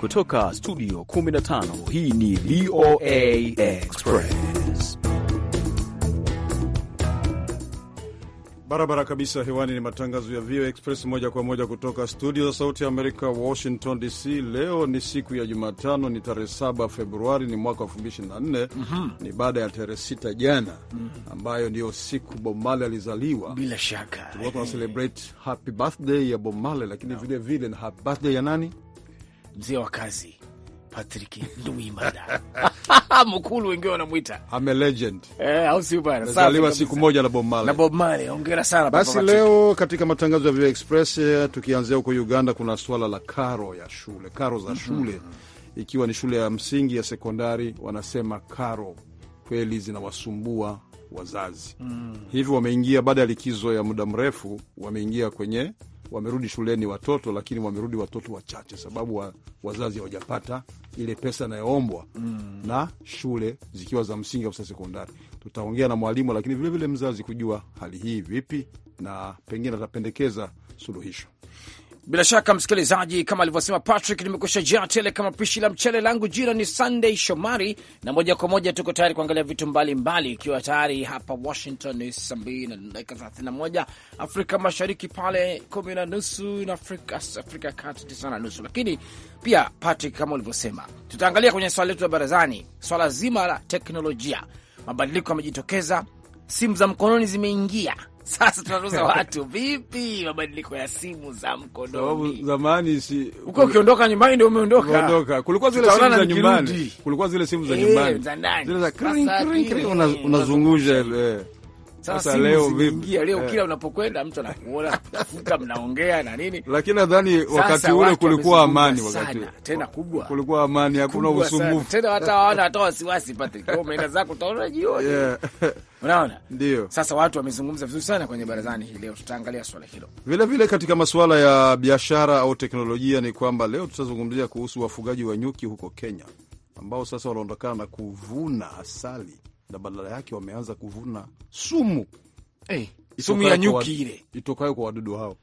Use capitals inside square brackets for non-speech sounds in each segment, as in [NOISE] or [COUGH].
Kutoka studio 15 hii ni VOA Express barabara kabisa hewani. Ni matangazo ya VOA Express moja kwa moja kutoka studio za sauti ya Amerika, Washington DC. Leo ni siku ya Jumatano, ni tarehe 7 Februari, ni mwaka 2024. mm -hmm. Ni baada ya tarehe sita jana, mm -hmm. ambayo ndiyo siku Bomale alizaliwa. Bila shaka watu wana happy birthday ya Bomale, lakini vilevile no. vile na happy birthday ya nani mzee wa kazi Patrick [LAUGHS] Nduwimana [LAUGHS] wengiwe wanamwita ame legend eh, au sio bwana? Sasa siku moja na Bob Marley na Bob Marley, hongera sana basi. leo katika matangazo ya Vio Express eh, tukianzia huko Uganda, kuna swala la karo ya shule, karo za mhm. shule mm -hmm. ikiwa ni shule ya msingi ya sekondari, wanasema karo kweli zinawasumbua wazazi mm. Hivyo wameingia baada ya likizo ya muda mrefu, wameingia kwenye wamerudi shuleni watoto, lakini wamerudi watoto wachache, sababu wa, wazazi hawajapata ile pesa inayoombwa mm. na shule zikiwa za msingi au sekondari. Tutaongea na mwalimu, lakini vilevile vile mzazi kujua hali hii vipi, na pengine atapendekeza suluhisho. Bila shaka msikilizaji, kama alivyosema Patrick, nimekusha jaa tele kama pishi la mchele langu. Jina ni Sunday Shomari na moja kwa moja tuko tayari kuangalia vitu mbalimbali, ikiwa mbali tayari hapa Washington ni saa mbili na dakika thelathini na moja Afrika Mashariki pale kumi na nusu na Afrika, Afrika kati tisa na nusu Lakini pia Patrick, kama ulivyosema, tutaangalia kwenye swala letu la barazani swala zima la teknolojia. Mabadiliko yamejitokeza, simu za mkononi zimeingia sasa tunanuza watu vipi? Mabadiliko ya simu za mkononi. Zamani si uko ukiondoka nyumbani ndio umeondoka. Umeondoka. Kulikuwa zile simu za nyumbani. Kulikuwa zile simu za eh, nyumbani. Zile za kring kring unazungusha ile sasa leo vipi? Leo eh. kila unapokwenda mtu anakuona, tafuta, mnaongea na nini, lakini nadhani wakati ule kulikuwa amani, wakati tena kubwa, kulikuwa amani, hakuna usumbufu tena, hata hawana hata wasiwasi. pate kwa umeenda zako, utaona jioni, yeah. unaona. Ndio sasa watu wamezungumza vizuri sana kwenye barazani hii leo, tutaangalia swala hilo vile vile. Katika masuala ya biashara au teknolojia, ni kwamba leo tutazungumzia kuhusu wafugaji wa nyuki huko Kenya ambao sasa wanaondokana na kuvuna asali na badala yake wameanza kuvuna sumu hey, eh, sumu ya nyuki ile itokayo kwa wadudu hao.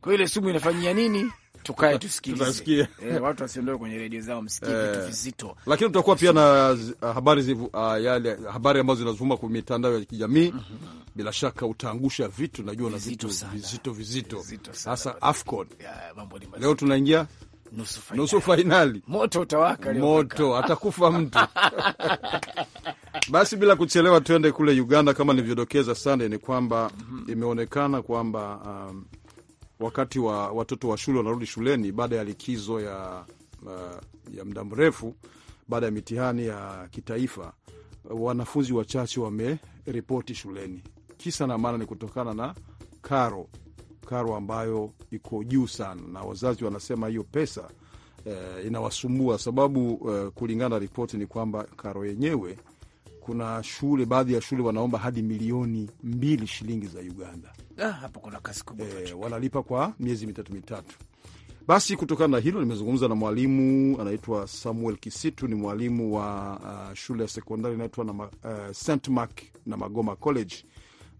Kwa ile sumu inafanyia nini? Tukae [LAUGHS] tusikilize eh, watu wasiondoe kwenye redio zao, msikie eh. vitu eh, vizito. Lakini tutakuwa pia na ah, habari zivu, uh, ah, yale habari ambazo zinazuma kwa mitandao ya kijamii mm -hmm. Bila shaka utaangusha vitu, najua na vitu vizito vizito, hasa AFCON leo tunaingia nusu fainali, moto utawaka moto atakufa mtu [LAUGHS] Basi bila kuchelewa, tuende kule Uganda. Kama nilivyodokeza, Sande, ni kwamba imeonekana kwamba um, wakati wa watoto wa shule wanarudi shuleni baada ya likizo ya, uh, ya muda mrefu baada ya mitihani ya kitaifa, wanafunzi wachache wameripoti shuleni. Kisa na maana ni kutokana na karo karo ambayo iko juu sana, na wazazi wanasema hiyo pesa eh, inawasumbua sababu eh, kulingana na ripoti ni kwamba karo yenyewe kuna shule, baadhi ya shule wanaomba hadi milioni mbili shilingi za Uganda. Ah, hapo kuna kubwa e, wanalipa kwa miezi mitatu mitatu. Basi kutokana na hilo nimezungumza na mwalimu anaitwa Samuel Kisitu, ni mwalimu wa uh, shule ya sekondari inaitwa na, uh, St Mark na Magoma College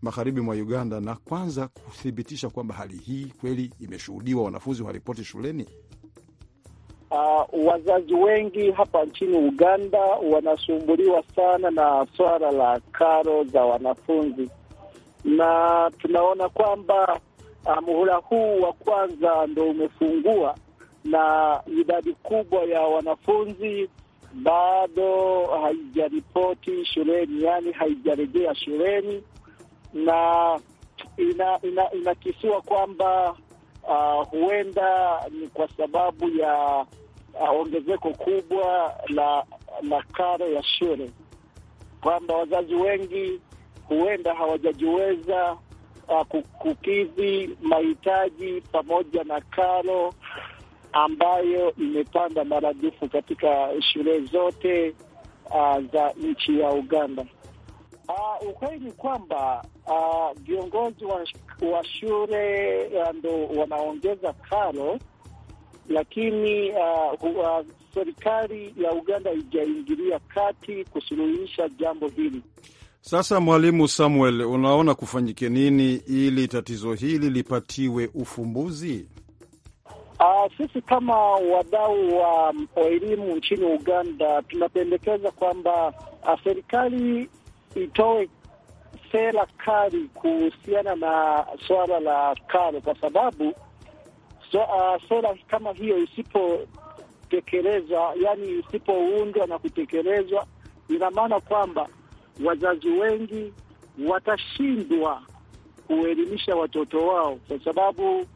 magharibi mwa Uganda, na kwanza kuthibitisha kwamba hali hii kweli imeshuhudiwa, wanafunzi waripoti shuleni. Uh, wazazi wengi hapa nchini Uganda wanasumbuliwa sana na swala la karo za wanafunzi, na tunaona kwamba uh, muhula huu wa kwanza ndo umefungua na idadi kubwa ya wanafunzi bado haijaripoti shuleni, yaani haijarejea shuleni, na inakisiwa ina, ina kwamba uh, huenda ni kwa sababu ya Uh, ongezeko kubwa la, la karo ya shule, kwamba wazazi wengi huenda hawajajiweza uh, kukidhi mahitaji pamoja na karo ambayo imepanda maradufu katika shule zote uh, za nchi ya Uganda. Uh, ukweli ni kwamba uh, viongozi uh, wa, wa shule uh, ndo wanaongeza karo lakini uh, uh, serikali ya Uganda haijaingilia kati kusuluhisha jambo hili. Sasa Mwalimu Samuel, unaona kufanyike nini ili tatizo hili lipatiwe ufumbuzi? Uh, sisi kama wadau wa elimu nchini Uganda tunapendekeza kwamba uh, serikali itoe sera kali kuhusiana na suala la karo, kwa sababu so, uh, ah, sera kama hiyo isipotekelezwa, yani isipoundwa na kutekelezwa, ina maana kwamba wazazi wengi watashindwa kuelimisha watoto wao kwa sababu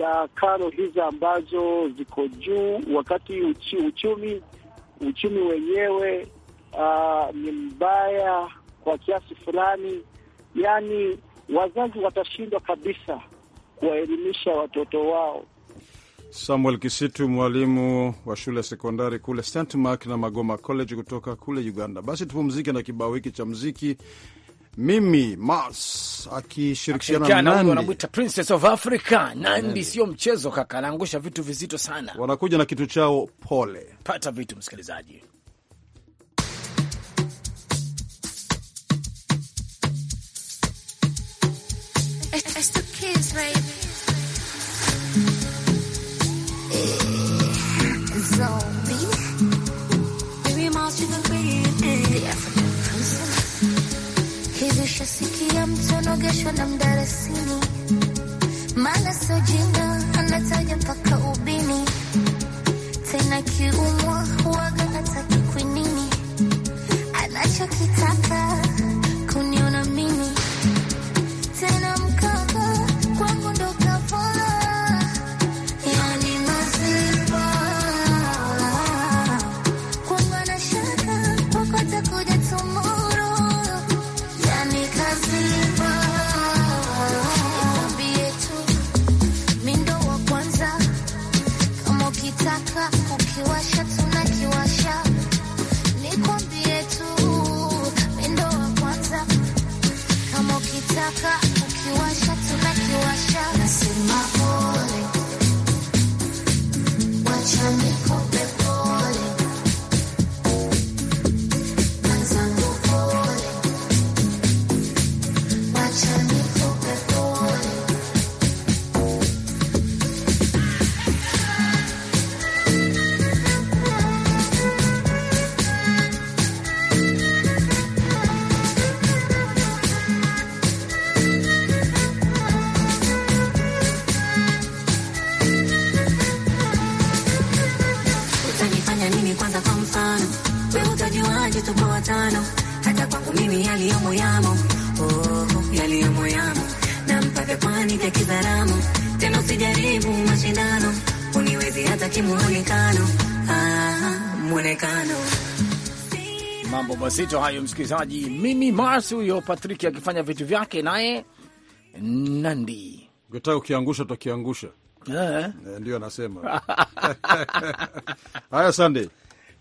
ya karo hizi ambazo ziko juu, wakati uchi, uchumi uchumi wenyewe uh, ni mbaya kwa kiasi fulani. Yani wazazi watashindwa kabisa kuwaelimisha watoto wao Samuel Kisitu, mwalimu wa shule ya sekondari kule St Mark na Magoma College kutoka kule Uganda. Basi tupumzike na kibao hiki cha mziki mimi Mars akishirikishana na wanamwita Princess of Africa. Nandi sio mchezo kaka, anaangusha vitu vizito sana. Wanakuja na kitu chao pole. Pata vitu msikilizaji It's the Shasikia mtonogeshwa na mdarasini, maana sio anataja mpaka ubini. Tena kiumwa huwaga hataki kwinini, anachokitaka mazito hayo, msikilizaji. Mimi Mars huyo Patrick akifanya vitu vyake, naye Nandi ukitaka ukiangusha utakiangusha. Eh. Eh, ndio anasema [LAUGHS] haya. Sande,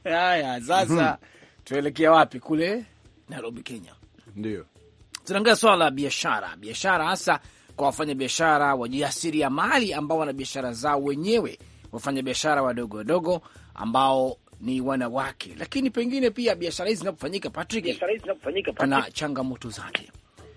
haya sasa mm -hmm. tuelekea wapi? Kule Nairobi, Kenya, ndio tunaangalia swala la biashara, biashara hasa kwa wafanya biashara wafanyabiashara mali ambao wana biashara zao wenyewe, wafanya biashara wadogo wadogo ambao ni wanawake, lakini pengine pia biashara hizi zinapofanyika, Patrick, pana changamoto zake.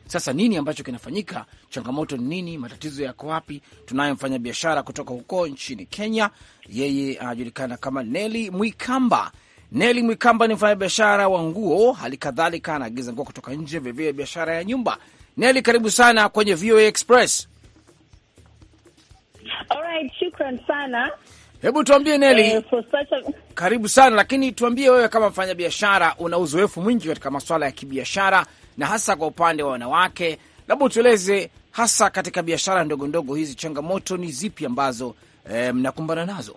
Sasa nini ambacho kinafanyika? Changamoto ni nini? Matatizo yako wapi? Tunaye mfanya biashara kutoka huko nchini Kenya, yeye anajulikana kama Neli Mwikamba. Neli Mwikamba ni mfanya biashara wa nguo, hali kadhalika anaagiza nguo kutoka nje, vilevile biashara ya nyumba. Neli, karibu sana kwenye VOA Express. right, shukran sana. Hebu tuambie Neli, eh, karibu sana lakini tuambie wewe, kama mfanyabiashara, una uzoefu mwingi katika masuala ya kibiashara na hasa kwa upande wa wanawake, labda utueleze hasa katika biashara ndogo ndogo hizi changamoto ni zipi ambazo eh, mnakumbana nazo?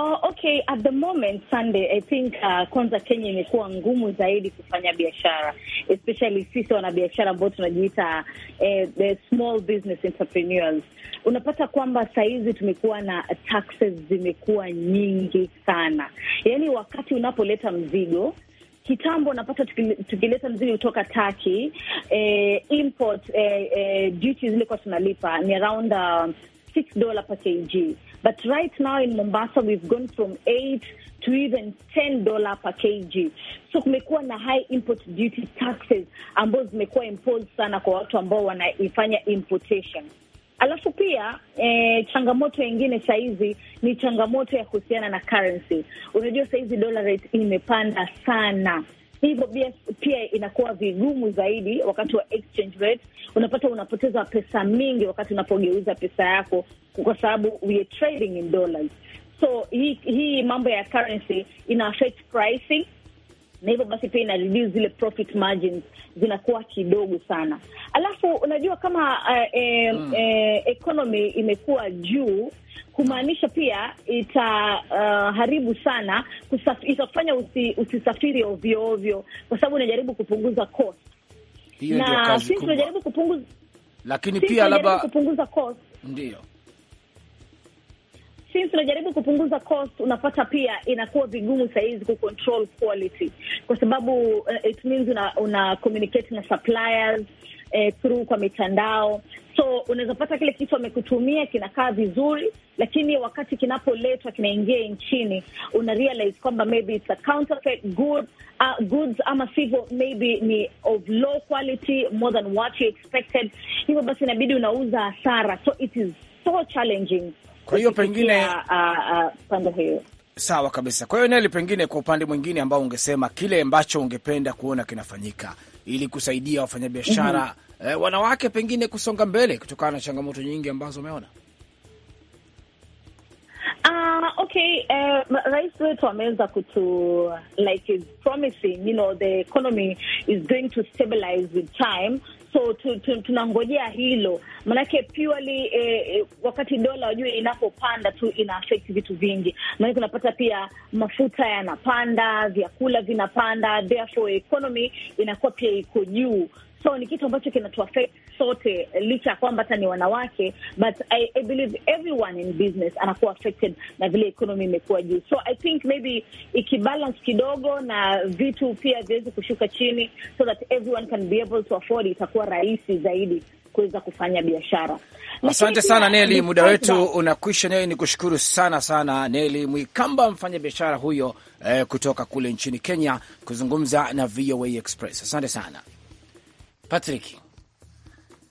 Oh, okay, at the moment Sunday, I think uh, kwanza Kenya imekuwa ngumu zaidi kufanya biashara especially sisi wanabiashara ambao tunajiita eh, small business entrepreneurs. Unapata kwamba sahizi tumekuwa na taxes zimekuwa nyingi sana, yaani wakati unapoleta mzigo kitambo napata tukileta mzigo kutoka Turkey eh, import eh, eh, duty zile kwa tunalipa ni around uh, um, $6 per kg But right now in Mombasa we've gone from 8 to even 10 dola per kg. So kumekuwa na high import duty taxes ambazo zimekuwa imposed sana kwa watu ambao wanaifanya importation. Alafu pia eh, changamoto nyingine sahizi ni changamoto ya kuhusiana na currency. Unajua sahizi dollar rate imepanda sana hivyo pia inakuwa vigumu zaidi wakati wa exchange rate. Unapata unapoteza pesa mingi wakati unapogeuza pesa yako, kwa sababu we are trading in dollars. So hii hii mambo ya currency ina affect pricing na hivyo basi pia ina zile profit margins zinakuwa kidogo sana. Alafu unajua kama uh, eh, mm. eh, economy imekuwa juu, kumaanisha pia itaharibu uh, sana kusaf, itafanya usi, usisafiri ovyo ovyo, kwa sababu unajaribu kupunguza cost, na sisi tunajaribu kupunguza, lakini pia labda kupunguza cost ndio since unajaribu kupunguza cost, unapata pia inakuwa vigumu sahizi kucontrol quality kwa sababu uh, it means una, una communicate na suppliers uh, through kwa mitandao so unaweza pata kile kitu amekutumia kinakaa vizuri, lakini wakati kinapoletwa kinaingia nchini una realize kwamba maybe it's a counterfeit good, uh, goods ama sivyo maybe ni of low quality more than what you expected. Hivyo basi inabidi unauza hasara, so it is so challenging kwa hiyo pengine uh, uh, pande hiyo sawa kabisa. Kwa hiyo Neli, pengine kwa upande mwingine ambao ungesema kile ambacho ungependa kuona kinafanyika ili kusaidia wafanyabiashara mm -hmm. Eh, wanawake pengine kusonga mbele kutokana na changamoto nyingi ambazo umeona. Uh, okay, uh, rais wetu ameweza kutu like is promising you know the economy is going to stabilize with time so tunangojea hilo, manake purely eh, eh, wakati dola wajue inapopanda tu ina affect vitu vingi, manake unapata pia mafuta yanapanda, vyakula vinapanda, therefore economy inakuwa pia iko juu so ni kitu ambacho kinatuaffect sote, licha ya kwamba hata ni wanawake, but I, I believe everyone in business anakuwa affected na vile economy imekuwa juu. So I think maybe ikibalance kidogo na vitu pia viwezi kushuka chini, so that everyone can be able to afford, itakuwa rahisi zaidi kuweza kufanya biashara. Asante sana Neli, muda wetu unakwisha. Neli, ni kushukuru sana sana Neli Mwikamba, mfanya biashara huyo eh, kutoka kule nchini Kenya, kuzungumza na VOA Express. Asante sana. Patrick,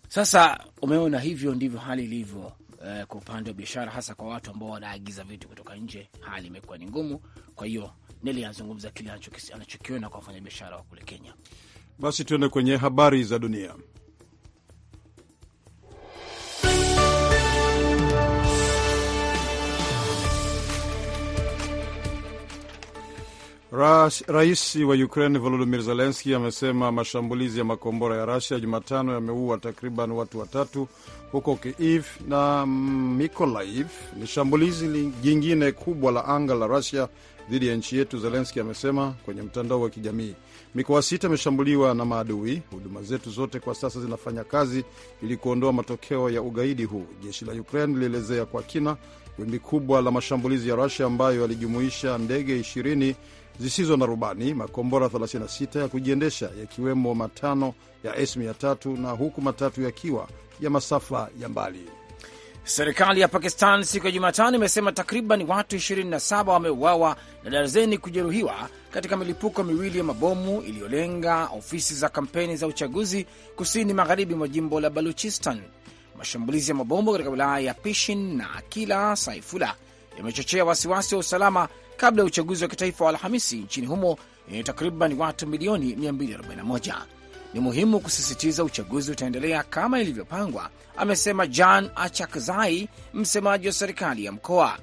sasa umeona hivyo ndivyo hali ilivyo. eh, kwa upande wa biashara hasa kwa watu ambao wanaagiza vitu kutoka nje, hali imekuwa ni ngumu. Kwa hiyo Neli anazungumza kile anachokiona kwa wafanyabiashara wa kule Kenya. Basi tuende kwenye habari za dunia. Rais wa Ukraine Volodimir Zelenski amesema mashambulizi ya makombora ya Rasia Jumatano yameua takriban watu watatu huko Kiev na Mikolaiv. Ni shambulizi jingine kubwa la anga la Rasia dhidi ya nchi yetu, Zelenski amesema kwenye mtandao wa kijamii. Mikoa sita imeshambuliwa na maadui. Huduma zetu zote kwa sasa zinafanya kazi ili kuondoa matokeo ya ugaidi huu, jeshi la Ukraine lilielezea kwa kina wimbi kubwa la mashambulizi ya Rasia ambayo yalijumuisha ndege ishirini zisizo na rubani makombora 36 ya kujiendesha yakiwemo matano ya S300 na huku matatu yakiwa ya masafa ya mbali. Serikali ya Pakistan siku ya Jumatano imesema takriban watu 27 wameuawa na darzeni kujeruhiwa katika milipuko miwili ya mabomu iliyolenga ofisi za kampeni za uchaguzi kusini magharibi mwa jimbo la Baluchistan. Mashambulizi ya mabomu katika wilaya ya Pishin na Akila Saifula yamechochea wasiwasi wa usalama kabla ya uchaguzi wa kitaifa wa Alhamisi nchini humo yenye takriban watu milioni 241. Ni muhimu kusisitiza uchaguzi utaendelea kama ilivyopangwa, amesema Jan Achakzai, msemaji wa serikali ya mkoa.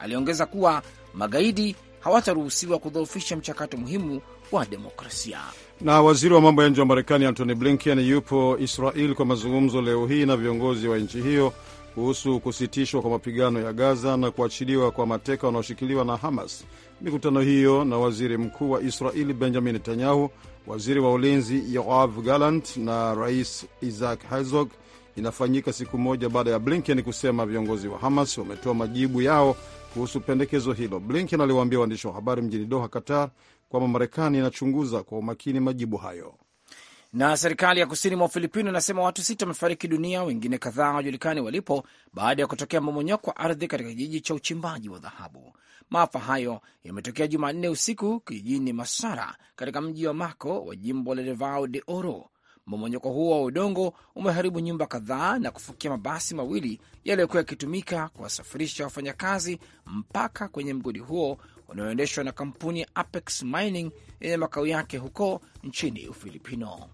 Aliongeza kuwa magaidi hawataruhusiwa kudhoofisha mchakato muhimu wa demokrasia. Na waziri wa mambo ya nje wa Marekani Antony Blinken yupo Israel kwa mazungumzo leo hii na viongozi wa nchi hiyo kuhusu kusitishwa kwa mapigano ya Gaza na kuachiliwa kwa mateka wanaoshikiliwa na Hamas. Mikutano hiyo na waziri mkuu wa Israeli Benjamin Netanyahu, waziri wa ulinzi Yoav Gallant na rais Isaac Herzog inafanyika siku moja baada ya Blinken kusema viongozi wa Hamas wametoa majibu yao kuhusu pendekezo hilo. Blinken aliwaambia waandishi wa habari mjini Doha, Qatar, kwamba Marekani inachunguza kwa umakini majibu hayo. Na serikali ya kusini mwa Ufilipino inasema watu sita wamefariki dunia, wengine kadhaa hawajulikani walipo baada ya kutokea mmomonyoko wa ardhi katika kijiji cha uchimbaji wa dhahabu. Maafa hayo yametokea Jumanne usiku kijijini Masara katika mji wa Mako wa jimbo la Levao de Oro. Mmomonyoko huo wa udongo umeharibu nyumba kadhaa na kufukia mabasi mawili yaliyokuwa yakitumika kuwasafirisha wafanyakazi mpaka kwenye mgodi huo unaoendeshwa na kampuni ya Apex Mining yenye makao yake huko nchini Ufilipino.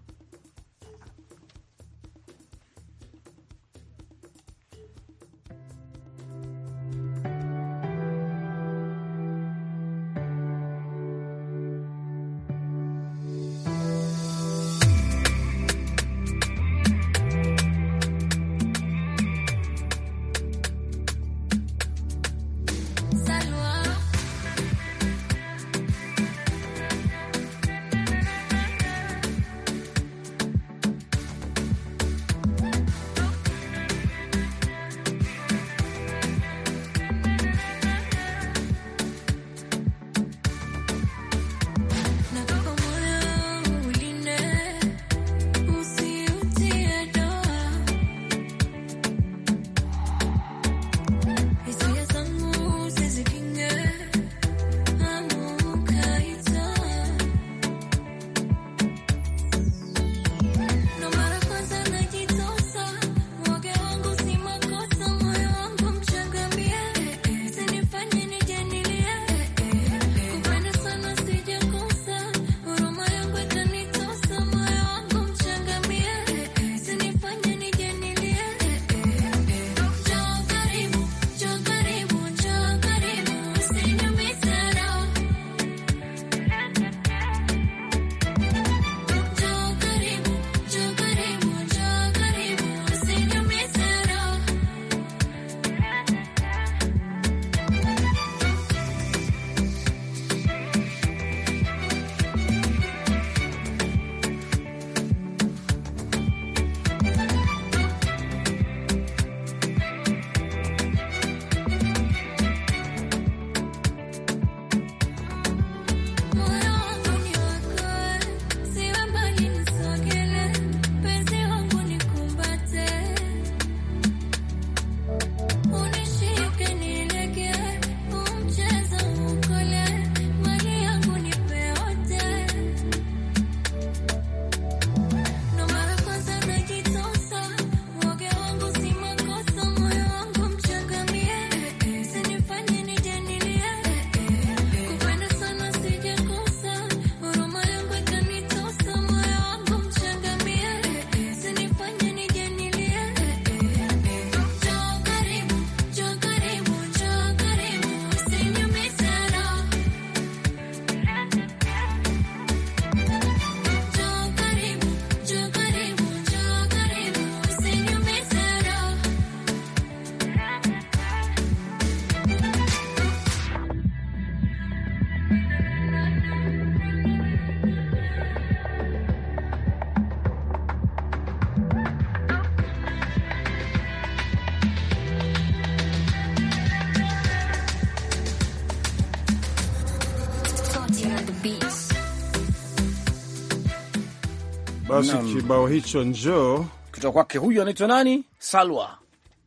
Basi kibao hicho njoo kutoka kwake huyu anaitwa nani? Salwa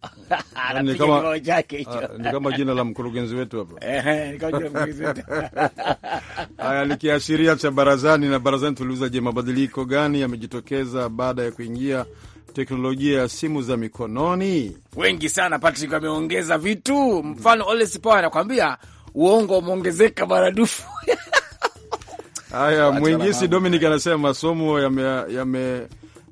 [LAUGHS] ah, ni kama jina la mkurugenzi wetu hapa [LAUGHS] [LAUGHS] haya, likiashiria cha barazani. Na barazani tuliuza, je, mabadiliko gani yamejitokeza baada ya kuingia teknolojia ya simu za mikononi? Wengi sana Patrick ameongeza vitu, mfano Ole anakwambia uongo umeongezeka maradufu Haya, Mwingisi Dominic anasema masomo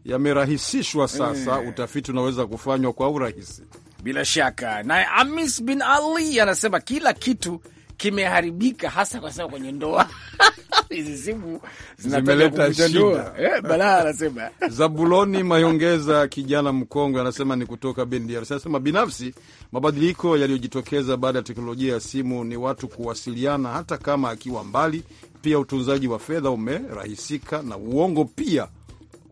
yamerahisishwa yame, yame sasa e, utafiti unaweza kufanywa kwa urahisi bila shaka. Naye Amis bin Ali anasema kila kitu kimeharibika hasa kwa sababu kwenye ndoa [LAUGHS] hizi simu zimeleta shida eh, balaa anasema. [LAUGHS] Zabuloni Mayongeza, kijana mkongwe, anasema ni kutoka BNDRC, anasema binafsi mabadiliko yaliyojitokeza baada ya teknolojia ya simu ni watu kuwasiliana hata kama akiwa mbali, pia utunzaji wa fedha umerahisika na uongo pia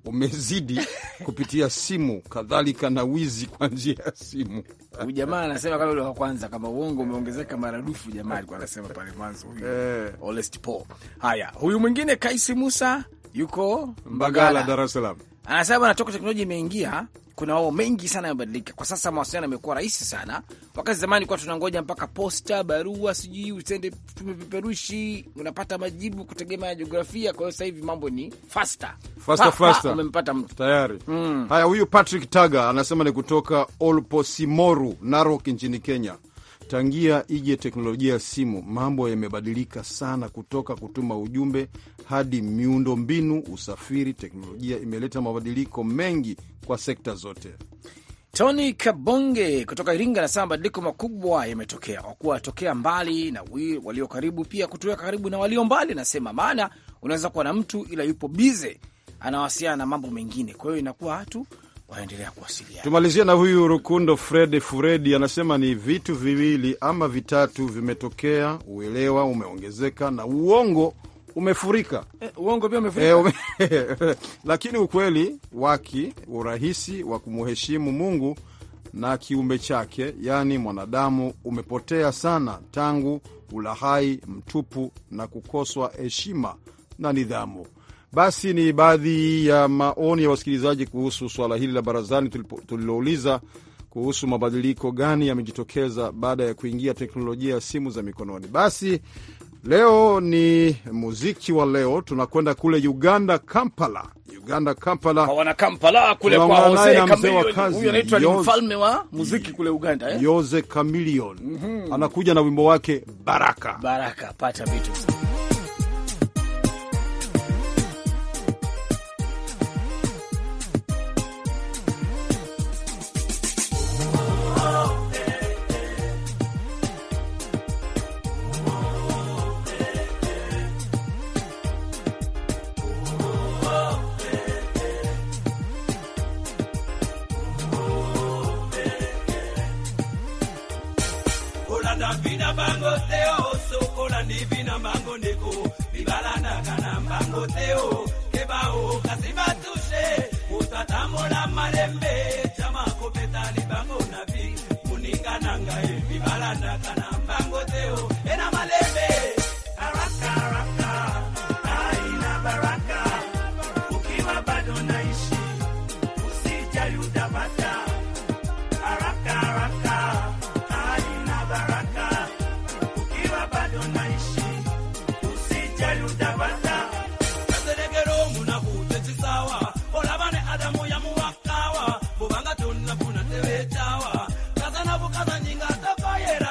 umezidi kupitia simu, kadhalika na wizi kwa njia ya simu. Huyu jamaa anasema kama ule wa kwanza, kama uongo umeongezeka maradufu. Jamaa alikuwa anasema pale mwanzo huyu eh. Honest Paul. Haya, huyu mwingine Kaisi Musa yuko Mbagala, Dar es Salaam, anasema anatoka teknolojia imeingia kuna mambo mengi sana yamebadilika kwa sasa. Mawasiliano yamekuwa rahisi sana, wakati zamani kuwa tunangoja mpaka posta, barua, sijui utende tumepeperushi, unapata majibu kutegemea jiografia. Kwa hiyo sasa hivi mambo ni fasta fasta fasta, umempata mtu tayari. Mm. Haya, huyu Patrick Taga anasema ni kutoka Olposimoru, Narok nchini Kenya. Tangia ije teknolojia ya simu, mambo yamebadilika sana, kutoka kutuma ujumbe hadi miundo mbinu, usafiri. Teknolojia imeleta mabadiliko mengi kwa sekta zote. Tony Kabonge kutoka Iringa anasema mabadiliko makubwa yametokea, kwa kuwa tokea mbali na walio karibu, pia kutuweka karibu na walio mbali. Anasema maana unaweza kuwa na mtu ila yupo bize, anawasiliana na mambo mengine, kwa hiyo inakuwa hatu wanaendelea kuwasiliana. Tumalizia na huyu Rukundo Fred Furedi, anasema ni vitu viwili ama vitatu vimetokea, uelewa umeongezeka na uongo umefurika. E, uongo pia umefurika. E, ume... [LAUGHS] lakini ukweli waki urahisi wa kumheshimu Mungu na kiumbe chake, yaani mwanadamu, umepotea sana tangu ulahai mtupu na kukoswa heshima na nidhamu. Basi ni baadhi ya maoni ya wasikilizaji kuhusu swala hili la barazani tulilouliza kuhusu mabadiliko gani yamejitokeza baada ya kuingia teknolojia ya simu za mikononi. Basi leo ni muziki wa leo, tunakwenda kule Uganda, Kampala. Uganda, Kampala, wana Kampala kule kwa Jose Chameleone, huyo anaitwa ni mfalme wa muziki kule Uganda eh? Jose mm -hmm. anakuja na wimbo wake Baraka. Baraka, pata vitu mbango teo sokola ndivi na mbango ndeko bibalandaka na mbango teo kebao kasi batushe moto atamola malembe kazanyi you tavaayera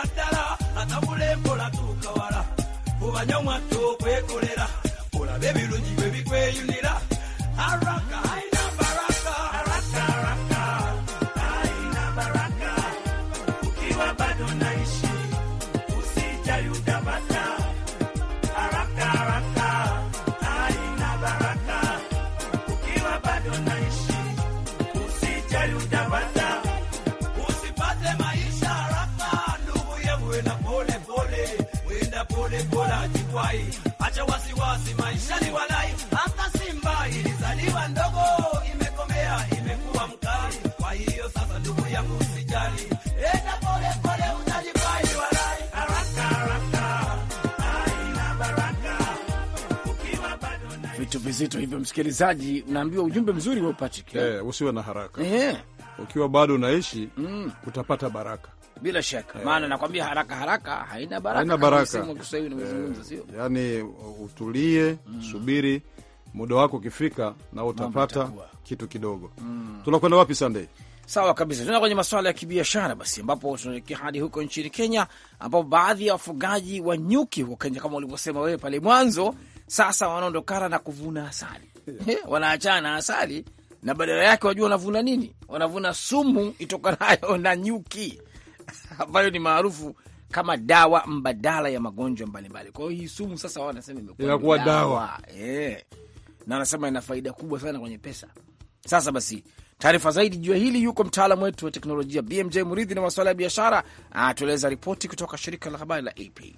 vizito hivyo, msikilizaji, unaambiwa ujumbe mzuri wa Patrick. Eh? eh, usiwe na haraka eh, ukiwa bado unaishi mm, utapata baraka bila shaka yeah. Maana nakwambia haraka haraka haina baraka, haina baraka. Yani eh, utulie mm. Subiri muda wako ukifika, na utapata kitu kidogo mm. Tunakwenda wapi Sunday? Sawa kabisa, tuna kwenye masuala ya kibiashara basi, ambapo tunaelekea hadi huko nchini Kenya, ambapo baadhi ya wafugaji wa nyuki huko Kenya kama ulivyosema wewe pale mwanzo mm sasa wanaondokana na kuvuna asali yeah. [LAUGHS] wanaachana asali na badala yake wajua wanavuna nini? Wanavuna sumu itokanayo na nyuki [LAUGHS] ambayo ni maarufu kama dawa mbadala ya magonjwa mbalimbali. Kwa hiyo hii sumu sasa wao wanasema imekuwa dawa, dawa. Yeah. na anasema ina faida kubwa sana kwenye pesa. Sasa basi taarifa zaidi juu ya hili yuko mtaalamu wetu wa teknolojia BMJ Muridhi na masuala ya biashara, atueleza ripoti kutoka shirika la habari la AP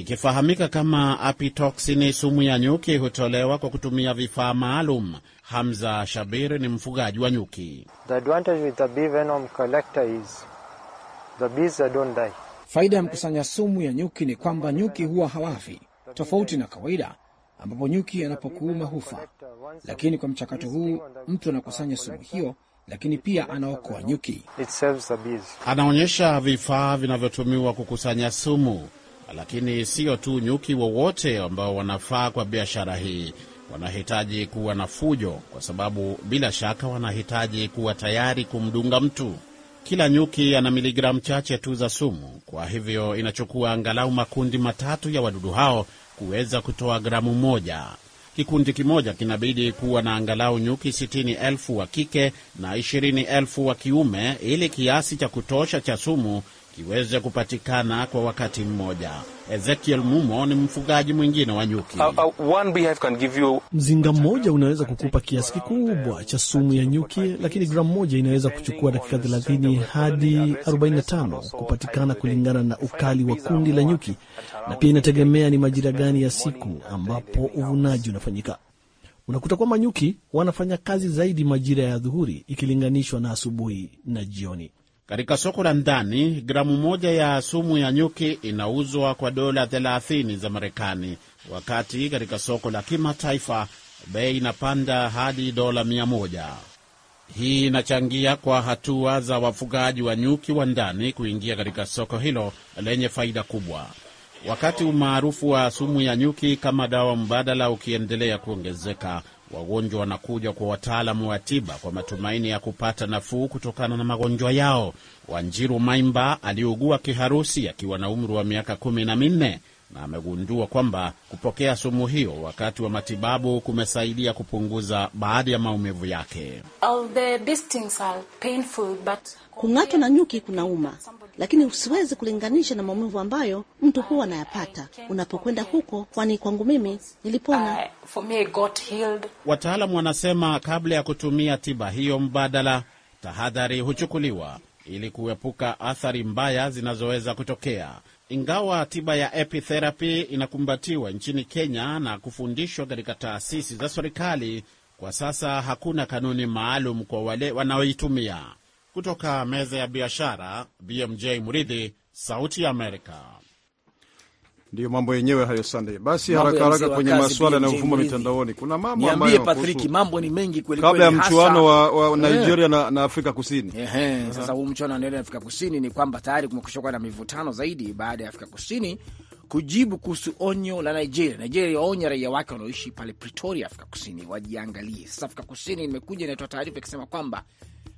ikifahamika kama apitoksini. Sumu ya nyuki hutolewa kwa kutumia vifaa maalum. Hamza Shabir ni mfugaji wa nyuki. Faida ya mkusanya sumu ya nyuki ni kwamba nyuki huwa hawafi, tofauti na kawaida ambapo nyuki anapokuuma hufa. Lakini kwa mchakato huu mtu anakusanya sumu hiyo lakini pia anaokoa nyuki. Anaonyesha vifaa vinavyotumiwa kukusanya sumu lakini sio tu nyuki wowote ambao wanafaa kwa biashara hii. Wanahitaji kuwa na fujo, kwa sababu bila shaka wanahitaji kuwa tayari kumdunga mtu. Kila nyuki ana miligramu chache tu za sumu, kwa hivyo inachukua angalau makundi matatu ya wadudu hao kuweza kutoa gramu moja. Kikundi kimoja kinabidi kuwa na angalau nyuki sitini elfu wa kike na ishirini elfu wa kiume ili kiasi cha kutosha cha sumu kiweze kupatikana kwa wakati mmoja. Ezekiel Mumo ni mfugaji mwingine wa nyuki. You... mzinga mmoja unaweza kukupa kiasi kikubwa cha sumu ya nyuki, lakini gramu moja inaweza kuchukua dakika 30 hadi 45 kupatikana kulingana na ukali wa kundi la nyuki, na pia inategemea ni majira gani ya siku ambapo uvunaji unafanyika. Unakuta kwamba nyuki wanafanya kazi zaidi majira ya dhuhuri ikilinganishwa na asubuhi na jioni. Katika soko la ndani, gramu moja ya sumu ya nyuki inauzwa kwa dola 30 za Marekani, wakati katika soko la kimataifa bei inapanda hadi dola 100. Hii inachangia kwa hatua za wafugaji wa nyuki wa ndani kuingia katika soko hilo lenye faida kubwa. Wakati umaarufu wa sumu ya nyuki kama dawa mbadala ukiendelea kuongezeka, wagonjwa wanakuja kwa wataalamu wa tiba kwa matumaini ya kupata nafuu kutokana na magonjwa yao. Wanjiru Maimba aliugua kiharusi akiwa na umri wa miaka kumi na minne na amegundua kwamba kupokea sumu hiyo wakati wa matibabu kumesaidia kupunguza baadhi ya maumivu yake. But... kung'atwa na nyuki kunauma, lakini usiwezi kulinganisha na maumivu ambayo mtu huwa anayapata unapokwenda huko, kwani kwangu mimi nilipona. Wataalamu wanasema kabla ya kutumia tiba hiyo mbadala, tahadhari huchukuliwa ili kuepuka athari mbaya zinazoweza kutokea ingawa tiba ya epitherapy inakumbatiwa nchini Kenya na kufundishwa katika taasisi za serikali, kwa sasa hakuna kanuni maalum kwa wale wanaoitumia. Kutoka meza ya biashara, BMJ Muridhi, Sauti ya Amerika ndio mambo yenyewe hayo Sunday. Basi haraka haraka kwenye masuala yanayovuma mitandaoni, kuna mambo ambayo Patrick, mambo ni mengi kweli kweli, kabla ya mchuano wa, wa eh. Nigeria na, na Afrika Kusini. Ehe, sasa huu mchuano unaendelea na Afrika Kusini ni kwamba tayari kumekwisha kuwa na mivutano zaidi baada ya Afrika Kusini kujibu kuhusu onyo la Nigeria. Nigeria yaonya raia wake wanaoishi pale Pretoria, Afrika Kusini, wajiangalie. Sasa Afrika Kusini imekuja inatoa taarifa ikisema kwamba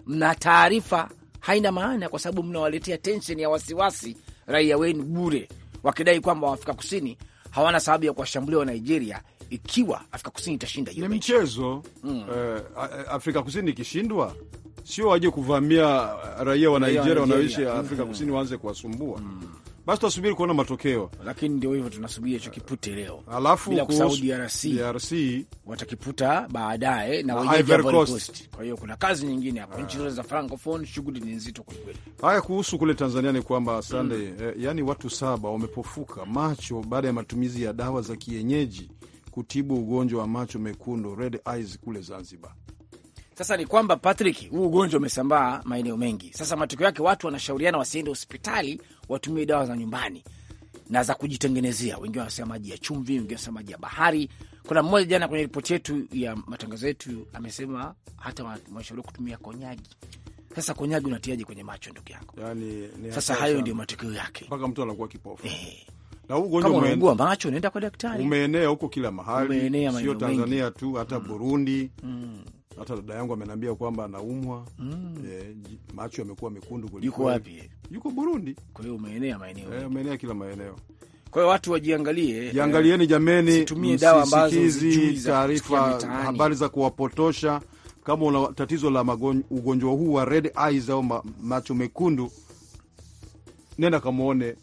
mna taarifa haina maana, kwa sababu mnawaletea tension ya wasiwasi raia wenu bure wakidai kwamba Waafrika Kusini hawana sababu ya kuwashambulia wa Nigeria ikiwa Afrika Kusini itashinda. Ni mchezo mm. Eh, Afrika Kusini ikishindwa sio waje kuvamia raia wa Nigeria wanaoishi Afrika mm. Kusini waanze kuwasumbua mm basi tunasubiri kuona matokeo, lakini ndio hivyo, tunasubiri hicho kipute leo, alafu bila kusahau DRC, DRC watakiputa baadaye na wenyewe Ivory Coast. Kwa hiyo kuna kazi nyingine hapo, nchi zote za francophone, shughuli ni nzito kwa kweli. Haya, kuhusu kule Tanzania ni kwamba Sunday, mm. eh, yani watu saba wamepofuka macho baada ya matumizi ya dawa za kienyeji kutibu ugonjwa wa macho mekundu red eyes kule Zanzibar. Sasa ni kwamba Patrick, huu ugonjwa umesambaa maeneo mengi. Sasa matokeo yake watu wanashauriana wasiende hospitali, watumie dawa za nyumbani na za kujitengenezea. Wengine wanasema maji ya chumvi, wengine wanasema maji ya bahari. Kuna mmoja jana kwenye ripoti yetu ya matangazo yetu amesema hata wanashauri kutumia konyagi. Sasa konyagi unatiaje kwenye macho, ndugu yako? Yani, sasa hayo ndio matokeo yake, mpaka mtu anakuwa kipofu eh. Na ugonjwa umeugua macho unaenda kwa daktari, umeenea huko kila mahali, sio Tanzania tu, hata mm. Burundi mm hata dada yangu ameniambia kwamba anaumwa mm. E, macho yamekuwa mekundu. Yuko wapi? Yuko Burundi. Kwa hiyo umeenea maeneo e, umeenea kila maeneo. Kwa hiyo watu wajiangalie, eh, jiangalieni jameni, msisikizi taarifa, habari za kuwapotosha. Kama una tatizo la ugonjwa huu wa red eyes au macho mekundu, nenda kamwone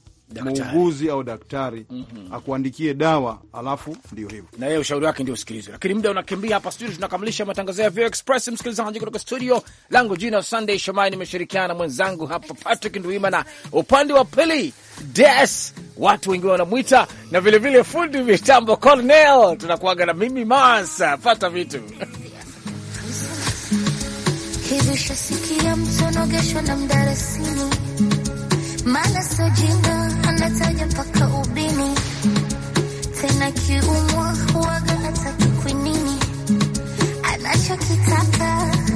muuguzi au daktari mm -hmm. akuandikie dawa, alafu ndio hivyo, na yeye ushauri wake ndio usikilizwe. Lakini muda unakimbia hapa studio, tunakamilisha matangazo ya Vio Express. Msikilizaji kutoka studio langu, jina Sunday Shomai, nimeshirikiana na mwenzangu hapa Patrick Ndwimana, upande wa pili Des, watu wengi wanamwita, na vilevile fundi mitambo Cornel, tunakuaga na mimi Masa pata vitu hivi shasikia mtonogesho na maana sio jina anataja mpaka ubini, tena kiumwa huaga ataki kwinini anachokitaka